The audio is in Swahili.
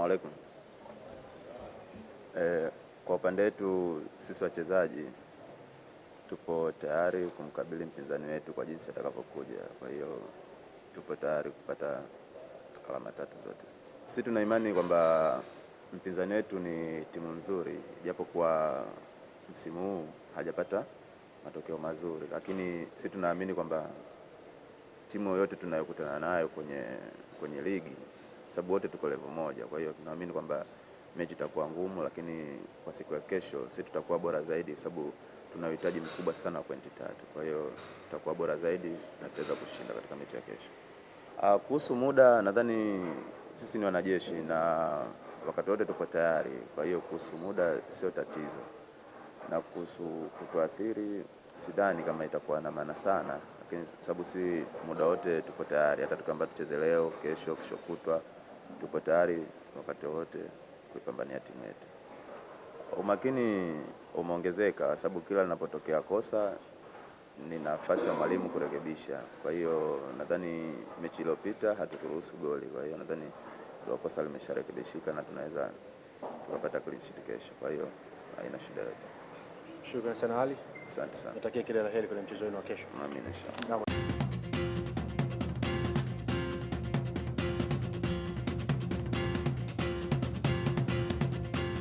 Assalamu alaikum. E, kwa upande wetu sisi wachezaji tupo tayari kumkabili mpinzani wetu kwa jinsi atakavyokuja. Kwa hiyo tupo tayari kupata alama tatu zote. Sisi tuna imani kwamba mpinzani wetu ni timu nzuri, kwa msimu huu hajapata matokeo mazuri, lakini sisi tunaamini kwamba timu yoyote tunayokutana nayo kwenye, kwenye ligi sababu wote tuko level moja. Kwa hiyo tunaamini kwamba mechi itakuwa ngumu, lakini kwa siku ya kesho sisi tutakuwa bora zaidi, sababu tuna uhitaji mkubwa sana wa pointi tatu. Kwa hiyo tutakuwa bora zaidi na tutaweza kushinda katika mechi ya kesho. Uh, Kuhusu muda, nadhani sisi ni wanajeshi na wakati wote tuko tayari. Kwa hiyo kuhusu muda sio tatizo, na kuhusu kutuathiri sidhani kama itakuwa na maana sana, lakini sababu si muda wote tuko tayari, hata tukiambia tucheze leo, kesho, kesho kutwa tupo tayari wakati wote kuipambania timu yetu. Umakini umeongezeka sababu kila linapotokea kosa ni nafasi ya mwalimu kurekebisha. Kwa hiyo nadhani mechi iliyopita hatukuruhusu goli, kwa hiyo nadhani ndio kosa limesharekebishika na tunaweza tukapata clean sheet kesho, kwa hiyo haina shida yote. Shukrani sana Ali. Asante sana. Natakia kila la heri kwenye mchezo wenu wa kesho. Amina inshallah.